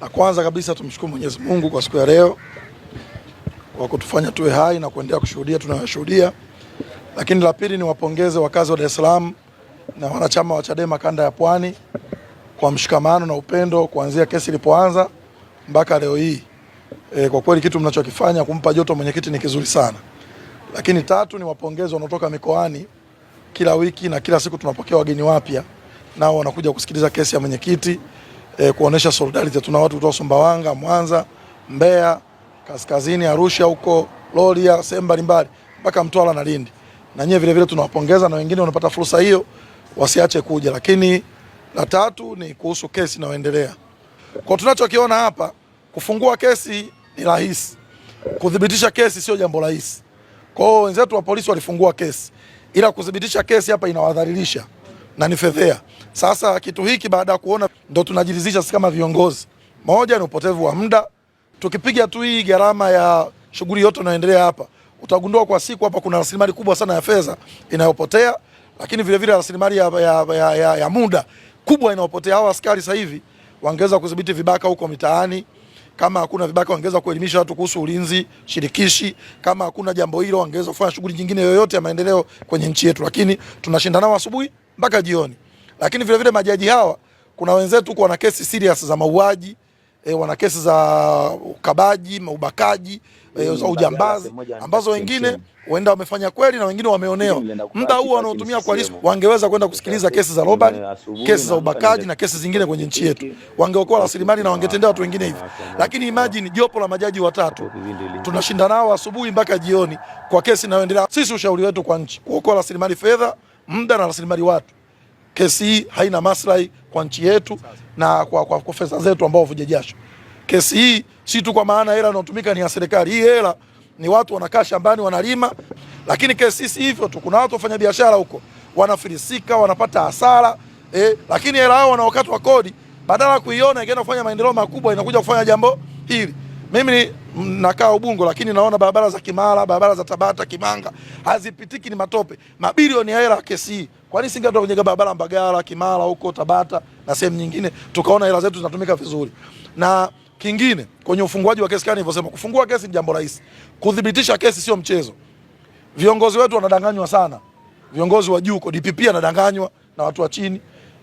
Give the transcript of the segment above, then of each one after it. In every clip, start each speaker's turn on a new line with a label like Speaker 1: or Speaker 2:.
Speaker 1: Na kwanza kabisa tumshukuru Mwenyezi Mungu kwa siku ya leo kwa kutufanya tuwe hai na kuendelea kushuhudia tunayoshuhudia. Lakini la pili ni wapongeze wakazi wa Dar es Salaam na wanachama wa Chadema kanda ya Pwani kwa mshikamano na upendo kuanzia kesi ilipoanza mpaka leo hii. E, kwa kweli kitu mnachokifanya kumpa joto mwenyekiti ni kizuri sana. Lakini tatu ni wapongeze wanaotoka mikoani, kila wiki na kila siku tunapokea wageni wapya, nao wanakuja kusikiliza kesi ya mwenyekiti e, kuonesha solidarity. Tuna watu kutoka Sumbawanga, Mwanza, Mbeya, Kaskazini, Arusha, huko Loria, sehemu mbalimbali mpaka Mtwara na Lindi. Na nyewe vile vile tunawapongeza na wengine wanapata fursa hiyo wasiache kuja. Lakini la tatu ni kuhusu kesi inayoendelea. Kwa tunachokiona hapa, kufungua kesi ni rahisi, kudhibitisha kesi sio jambo rahisi. Kwa hiyo wenzetu wa polisi walifungua kesi, ila kudhibitisha kesi hapa inawadhalilisha na ni fedhea. Sasa kitu hiki baada ya kuona ndo tunajiridhisha sisi kama viongozi, moja ni upotevu wa muda. Tukipiga tu hii gharama ya shughuli yote inayoendelea hapa, utagundua kwa siku hapa kuna rasilimali kubwa sana ya fedha inayopotea, lakini vile vile rasilimali ya, ya, ya, ya, ya muda kubwa inayopotea. Hawa askari sasa hivi wangeweza kudhibiti vibaka huko mitaani kama hakuna vibaka wangeweza kuelimisha watu kuhusu ulinzi shirikishi. Kama hakuna jambo hilo, wangeweza kufanya shughuli nyingine yoyote ya maendeleo kwenye nchi yetu, lakini tunashindana asubuhi mpaka jioni. Lakini vile vile majaji hawa kuna wenzetu huko wana kesi serious za mauaji e, wana kesi za ukabaji, ubakaji e, eh, za ujambazi ambazo wengine huenda wamefanya kweli na wengine wameonewa. Muda huo wanaotumia kwa risk, wangeweza kwenda kusikiliza kesi za robbery, kesi za ubakaji na kesi zingine kwenye nchi yetu, wangeokoa rasilimali na wangetendea watu wengine hivi. Lakini imagine jopo la majaji watatu tunashinda nao asubuhi mpaka jioni kwa kesi inayoendelea. Sisi ushauri wetu kwa nchi, kuokoa rasilimali fedha muda na rasilimali watu. Kesi hii haina maslahi kwa nchi yetu na kwa, kwa, kwa fedha zetu ambao vuja jasho. Kesi hii si tu kwa maana hela inayotumika ni ya serikali, hii hela ni watu wanakaa shambani wanalima. Lakini kesi si hivyo tu, kuna watu wafanya biashara huko wanafilisika, wanapata hasara eh, lakini hela yao wanaokatwa kodi badala ya kuiona ikaenda kufanya maendeleo makubwa, inakuja kufanya jambo hili. Mimi nakaa Ubungo, lakini naona barabara za Kimara, barabara za Tabata, Kimanga hazipitiki, ni matope, mabilioni ya hela ya kesi. nini singetoa kwenye barabara Mbagala, Kimara huko Tabata na sehemu nyingine, tukaona hela zetu zinatumika vizuri. Na kingine kwenye ufunguaji wa kesi, kama nilivyosema, kufungua kesi ni jambo rahisi, kudhibitisha kesi sio mchezo. Viongozi wetu wanadanganywa sana, viongozi wa juu huko DPP anadanganywa na watu wa chini,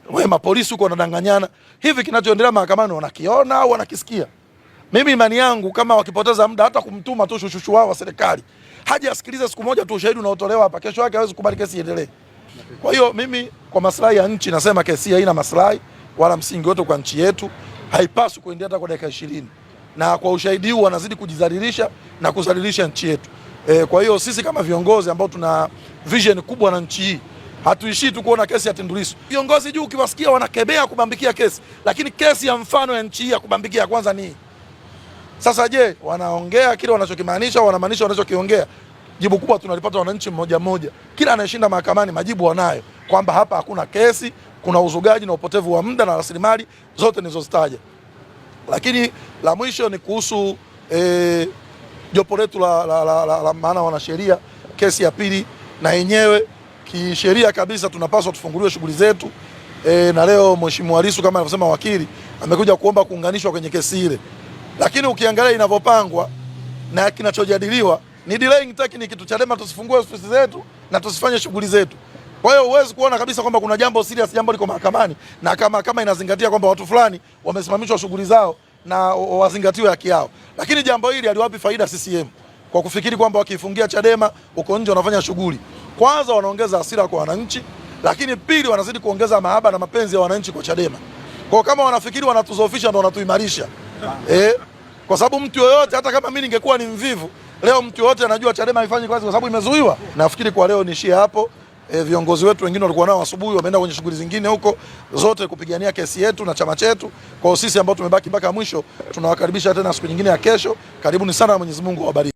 Speaker 1: wema polisi huko wanadanganyana. Hivi kinachoendelea mahakamani wanakiona au wanakisikia? Mimi imani yangu kama wakipoteza muda hata kumtuma tu shushushu wao wa serikali haja asikilize siku moja tu ushahidi unaotolewa hapa, kesho yake hawezi kubali kesi iendelee. Kwa hiyo mimi kwa maslahi ya nchi nasema kesi haina maslahi wala msingi wote kwa nchi yetu, haipaswi kuendelea hata kwa dakika ishirini, na kwa ushahidi huu wanazidi kujidhalilisha na kuzalilisha nchi yetu. E, kwa hiyo sisi kama viongozi ambao tuna vision kubwa na nchi hii hatuishii tu kuona kesi ya Tundu Lissu. Viongozi juu ukiwasikia wanakebea kubambikia kesi, lakini kesi ya mfano ya nchi hii ya kubambikia kwanza ni sasa je, wanaongea kile wanachokimaanisha au wanamaanisha wanachokiongea? Jibu kubwa tunalipata wananchi mmoja mmoja, kila anayeshinda mahakamani majibu wanayo kwamba hapa hakuna kesi, kuna uzugaji na upotevu wa muda na rasilimali zote nilizozitaja. Lakini la mwisho ni kuhusu e, jopo letu la, la, la, la, la maana wanasheria, kesi ya pili na yenyewe kisheria kabisa tunapaswa tufunguliwe shughuli zetu e, na leo Mheshimiwa Lissu kama alivyosema wakili amekuja kuomba kuunganishwa kwenye kesi ile lakini ukiangalia inavyopangwa na kinachojadiliwa ni delaying tactic, kitu Chadema tusifungue ofisi zetu na tusifanye shughuli zetu. Kwa hiyo huwezi kuona kabisa kwamba kuna jambo serious, jambo liko mahakamani, na kama kama inazingatia kwamba watu fulani wamesimamishwa shughuli zao na wazingatiwe haki yao. Lakini jambo hili aliwapi faida CCM kwa kufikiri kwamba wakifungia Chadema uko nje wanafanya shughuli? Kwanza wanaongeza hasira kwa wananchi, lakini pili wanazidi kuongeza mahaba na mapenzi ya wananchi kwa Chadema. Kwa kama wanafikiri wanatuzoofisha ndo wanatuimarisha eh, kwa sababu mtu yoyote hata kama mimi ningekuwa ni mvivu leo, mtu yoyote anajua Chadema haifanyi kazi kwa sababu imezuiwa. Nafikiri kwa leo niishie hapo. E, viongozi wetu wengine walikuwa nao asubuhi, wameenda kwenye shughuli zingine huko, zote kupigania kesi yetu na chama chetu. Kwa sisi ambao tumebaki mpaka mwisho, tunawakaribisha tena siku nyingine ya kesho. Karibuni sana, Mwenyezi Mungu awabariki.